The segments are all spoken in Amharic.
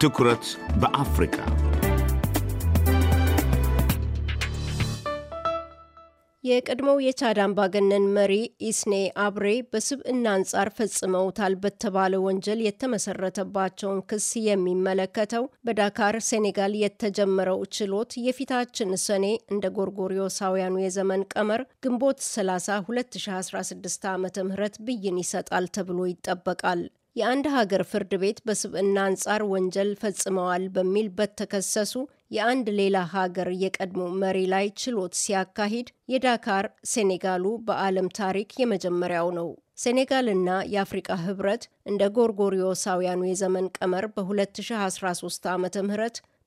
ትኩረት በአፍሪካ የቀድሞው የቻድ አምባገነን መሪ ኢስኔ አብሬ በስብዕና አንጻር ፈጽመውታል በተባለ ወንጀል የተመሰረተባቸውን ክስ የሚመለከተው በዳካር ሴኔጋል የተጀመረው ችሎት የፊታችን ሰኔ እንደ ጎርጎሪዮሳውያኑ የዘመን ቀመር ግንቦት 30 2016 ዓ ም ብይን ይሰጣል ተብሎ ይጠበቃል። የአንድ ሀገር ፍርድ ቤት በስብዕና አንጻር ወንጀል ፈጽመዋል በሚል በተከሰሱ የአንድ ሌላ ሀገር የቀድሞ መሪ ላይ ችሎት ሲያካሂድ የዳካር ሴኔጋሉ በዓለም ታሪክ የመጀመሪያው ነው። ሴኔጋልና የአፍሪቃ ህብረት እንደ ጎርጎሪዮሳውያኑ የዘመን ቀመር በ2013 ዓ ም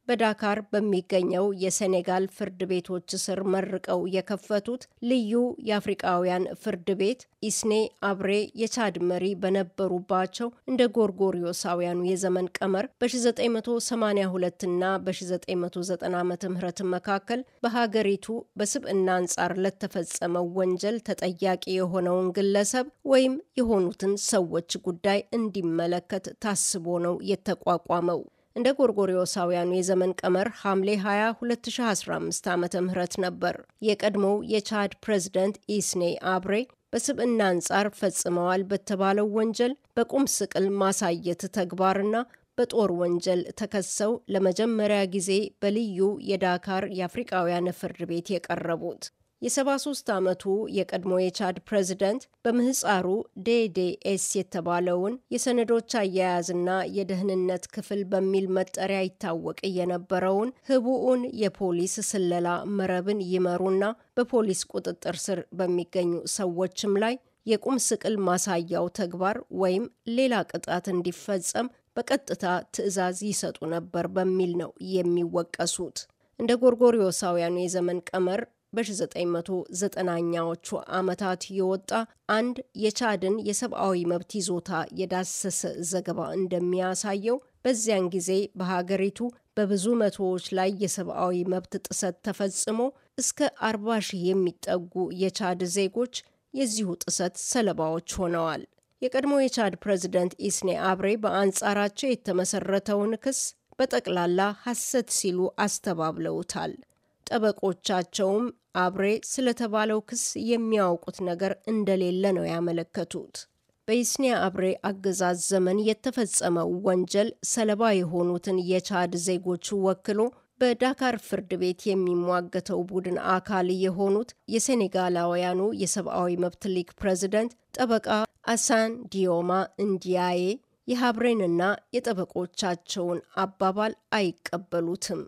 በዳካር በሚገኘው የሴኔጋል ፍርድ ቤቶች ስር መርቀው የከፈቱት ልዩ የአፍሪቃውያን ፍርድ ቤት ኢስኔ አብሬ የቻድ መሪ በነበሩባቸው እንደ ጎርጎሪዮሳውያኑ የዘመን ቀመር በ1982 እና በ1990 ዓ ም መካከል በሀገሪቱ በስብዕና አንጻር ለተፈጸመው ወንጀል ተጠያቂ የሆነውን ግለሰብ ወይም የሆኑትን ሰዎች ጉዳይ እንዲመለከት ታስቦ ነው የተቋቋመው። እንደ ጎርጎሪዮሳውያኑ የዘመን ቀመር ሐምሌ 20 2015 ዓ ም ነበር። የቀድሞው የቻድ ፕሬዝደንት ኢስኔ አብሬ በስብዕና አንጻር ፈጽመዋል በተባለው ወንጀል በቁም ስቅል ማሳየት ተግባርና በጦር ወንጀል ተከሰው ለመጀመሪያ ጊዜ በልዩ የዳካር የአፍሪቃውያን ፍርድ ቤት የቀረቡት የ73 ዓመቱ የቀድሞ የቻድ ፕሬዚደንት በምህፃሩ ዴዴኤስ የተባለውን የሰነዶች አያያዝና የደህንነት ክፍል በሚል መጠሪያ ይታወቅ የነበረውን ህቡኡን የፖሊስ ስለላ መረብን ይመሩና በፖሊስ ቁጥጥር ስር በሚገኙ ሰዎችም ላይ የቁም ስቅል ማሳያው ተግባር ወይም ሌላ ቅጣት እንዲፈጸም በቀጥታ ትዕዛዝ ይሰጡ ነበር በሚል ነው የሚወቀሱት። እንደ ጎርጎሪዮሳውያኑ የዘመን ቀመር በ1990ኛዎቹ ዓመታት የወጣ አንድ የቻድን የሰብአዊ መብት ይዞታ የዳሰሰ ዘገባ እንደሚያሳየው በዚያን ጊዜ በሀገሪቱ በብዙ መቶዎች ላይ የሰብአዊ መብት ጥሰት ተፈጽሞ እስከ 40 ሺህ የሚጠጉ የቻድ ዜጎች የዚሁ ጥሰት ሰለባዎች ሆነዋል። የቀድሞ የቻድ ፕሬዚደንት ኢስኔ አብሬ በአንጻራቸው የተመሰረተውን ክስ በጠቅላላ ሐሰት ሲሉ አስተባብለውታል። ጠበቆቻቸውም አብሬ ስለተባለው ክስ የሚያውቁት ነገር እንደሌለ ነው ያመለከቱት። በይስኒያ አብሬ አገዛዝ ዘመን የተፈጸመው ወንጀል ሰለባ የሆኑትን የቻድ ዜጎች ወክሎ በዳካር ፍርድ ቤት የሚሟገተው ቡድን አካል የሆኑት የሴኔጋላውያኑ የሰብአዊ መብት ሊግ ፕሬዝደንት ጠበቃ አሳን ዲዮማ እንዲያዬ የሀብሬንና የጠበቆቻቸውን አባባል አይቀበሉትም።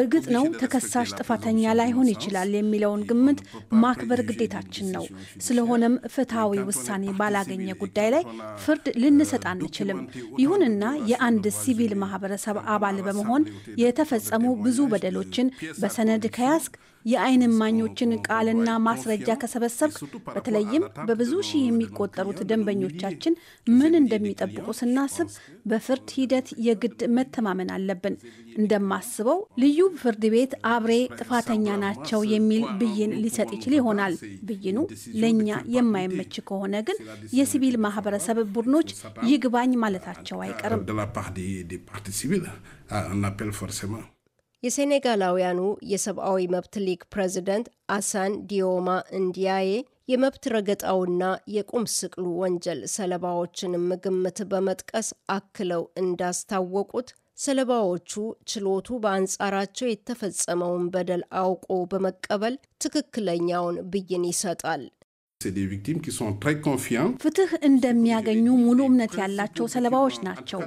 እርግጥ ነው ተከሳሽ ጥፋተኛ ላይሆን ይችላል የሚለውን ግምት ማክበር ግዴታችን ነው። ስለሆነም ፍትሐዊ ውሳኔ ባላገኘ ጉዳይ ላይ ፍርድ euh, ልንሰጥ አንችልም። ይሁንና የአንድ ሲቪል ማህበረሰብ አባል በመሆን የተፈጸሙ ብዙ በደሎችን በሰነድ ከያዝክ የአይን እማኞችን ቃልና ማስረጃ ከሰበሰብክ በተለይም በብዙ ሺህ የሚቆጠሩት ደንበኞቻችን ምን እንደሚጠብቁ ስናስብ በፍርድ ሂደት የግድ መተማመን አለብን። እንደማስበው ልዩ ፍርድ ቤት አብሬ ጥፋተኛ ናቸው የሚል ብይን ሊሰጥ ይችል ይሆናል። ብይኑ ለእኛ የማይመች ከሆነ ግን የሲቪል ማህበረሰብ ቡድኖች ይግባኝ ማለታቸው አይቀርም። የሴኔጋላውያኑ የሰብአዊ መብት ሊግ ፕሬዚደንት አሳን ዲዮማ እንዲያዬ የመብት ረገጣውና የቁም ስቅሉ ወንጀል ሰለባዎችንም ግምት በመጥቀስ አክለው እንዳስታወቁት ሰለባዎቹ ችሎቱ በአንጻራቸው የተፈጸመውን በደል አውቆ በመቀበል ትክክለኛውን ብይን ይሰጣል። ፍትህ እንደሚያገኙ ሙሉ እምነት ያላቸው ሰለባዎች ናቸው።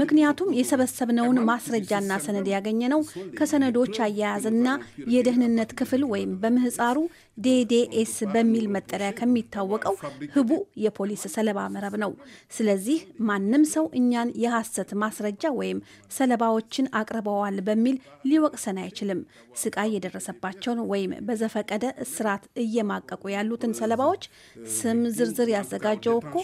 ምክንያቱም የሰበሰብነውን ማስረጃና ሰነድ ያገኘነው ከሰነዶች አያያዝና የደህንነት ክፍል ወይም በምህፃሩ ዴዴኤስ በሚል መጠሪያ ከሚታወቀው ህቡ የፖሊስ ሰለባ መረብ ነው። ስለዚህ ማንም ሰው እኛን የሐሰት ማስረጃ ወይም ሰለባዎችን አቅርበዋል በሚል ሊወቅሰን አይችልም። ስቃይ የደረሰባቸውን ወይም በዘፈቀደ እስራት እየማቀቁ ያሉትን ሰለባዎች እቃዎች ስም ዝርዝር ያዘጋጀው እኮ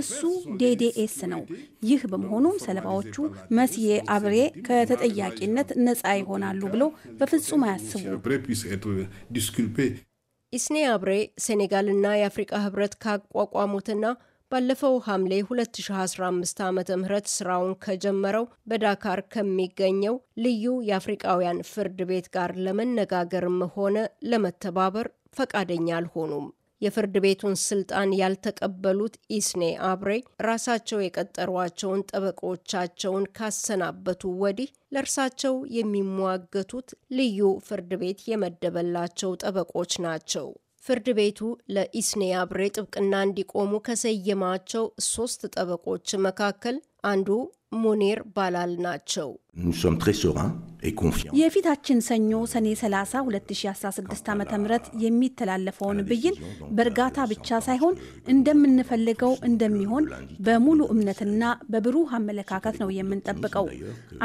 እሱ ዴዴኤስ ነው። ይህ በመሆኑም ሰለባዎቹ መስዬ አብሬ ከተጠያቂነት ነጻ ይሆናሉ ብለው በፍጹም አያስቡ። ኢስኔ አብሬ ሴኔጋልና የአፍሪቃ ህብረት ካቋቋሙትና ባለፈው ሐምሌ 2015 ዓ ም ስራውን ከጀመረው በዳካር ከሚገኘው ልዩ የአፍሪቃውያን ፍርድ ቤት ጋር ለመነጋገርም ሆነ ለመተባበር ፈቃደኛ አልሆኑም። የፍርድ ቤቱን ስልጣን ያልተቀበሉት ኢስኔ አብሬ ራሳቸው የቀጠሯቸውን ጠበቆቻቸውን ካሰናበቱ ወዲህ ለእርሳቸው የሚሟገቱት ልዩ ፍርድ ቤት የመደበላቸው ጠበቆች ናቸው። ፍርድ ቤቱ ለኢስኔ አብሬ ጥብቅና እንዲቆሙ ከሰየማቸው ሶስት ጠበቆች መካከል አንዱ ሙኒር ባላል ናቸው። የፊታችን ሰኞ ሰኔ 30 2016 ዓ ም የሚተላለፈውን ብይን በእርጋታ ብቻ ሳይሆን እንደምንፈልገው እንደሚሆን በሙሉ እምነትና በብሩህ አመለካከት ነው የምንጠብቀው።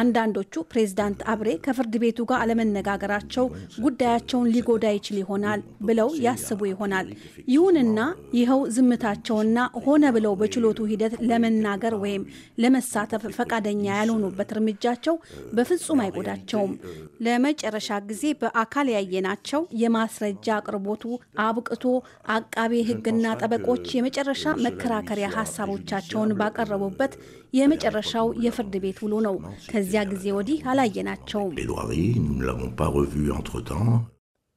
አንዳንዶቹ ፕሬዝዳንት አብሬ ከፍርድ ቤቱ ጋር አለመነጋገራቸው ጉዳያቸውን ሊጎዳ ይችል ይሆናል ብለው ያስቡ ይሆናል። ይሁንና ይኸው ዝምታቸውና ሆነ ብለው በችሎቱ ሂደት ለመናገር ወይም ለመሳተፍ ፈቃደኛ ያልሆኑበት እርምጃቸው በፍጹም አይጎዳቸውም። ለመጨረሻ ጊዜ በአካል ያየናቸው የማስረጃ አቅርቦቱ አብቅቶ አቃቤ ሕግና ጠበቆች የመጨረሻ መከራከሪያ ሀሳቦቻቸውን ባቀረቡበት የመጨረሻው የፍርድ ቤት ውሎ ነው። ከዚያ ጊዜ ወዲህ አላየናቸውም።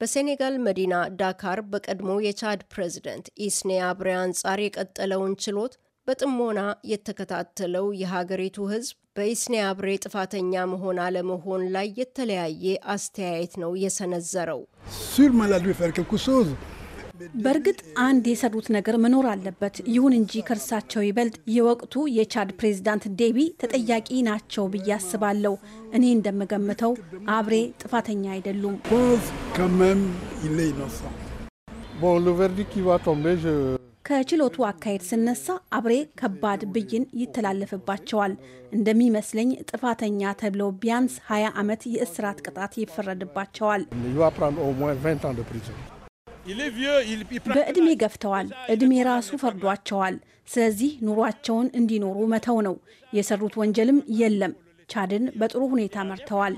በሴኔጋል መዲና ዳካር በቀድሞ የቻድ ፕሬዚደንት ኢስኔ አብሬ አንጻር የቀጠለውን ችሎት በጥሞና የተከታተለው የሀገሪቱ ህዝብ በኢስኔ አብሬ ጥፋተኛ መሆን አለመሆን ላይ የተለያየ አስተያየት ነው የሰነዘረው። በእርግጥ አንድ የሰሩት ነገር መኖር አለበት። ይሁን እንጂ ከእርሳቸው ይበልጥ የወቅቱ የቻድ ፕሬዚዳንት ዴቢ ተጠያቂ ናቸው ብዬ አስባለሁ። እኔ እንደምገምተው አብሬ ጥፋተኛ አይደሉም። ከችሎቱ አካሄድ ስነሳ አብሬ ከባድ ብይን ይተላለፍባቸዋል። እንደሚመስለኝ ጥፋተኛ ተብለው ቢያንስ 20 ዓመት የእስራት ቅጣት ይፈረድባቸዋል። በዕድሜ ገፍተዋል። ዕድሜ ራሱ ፈርዷቸዋል። ስለዚህ ኑሯቸውን እንዲኖሩ መተው ነው። የሰሩት ወንጀልም የለም። ቻድን በጥሩ ሁኔታ መርተዋል።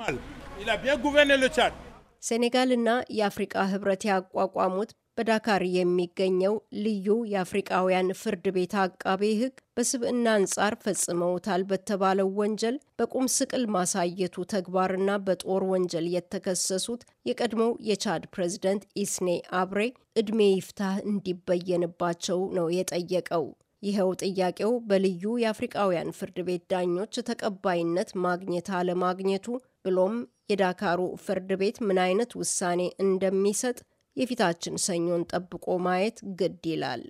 ሴኔጋልና የአፍሪቃ ህብረት ያቋቋሙት በዳካር የሚገኘው ልዩ የአፍሪቃውያን ፍርድ ቤት አቃቤ ሕግ በስብዕና አንጻር ፈጽመውታል በተባለው ወንጀል በቁም ስቅል ማሳየቱ ተግባርና በጦር ወንጀል የተከሰሱት የቀድሞው የቻድ ፕሬዝደንት ኢስኔ አብሬ እድሜ ይፍታህ እንዲበየንባቸው ነው የጠየቀው። ይኸው ጥያቄው በልዩ የአፍሪቃውያን ፍርድ ቤት ዳኞች ተቀባይነት ማግኘት አለማግኘቱ ብሎም የዳካሩ ፍርድ ቤት ምን አይነት ውሳኔ እንደሚሰጥ የፊታችን ሰኞን ጠብቆ ማየት ግድ ይላል።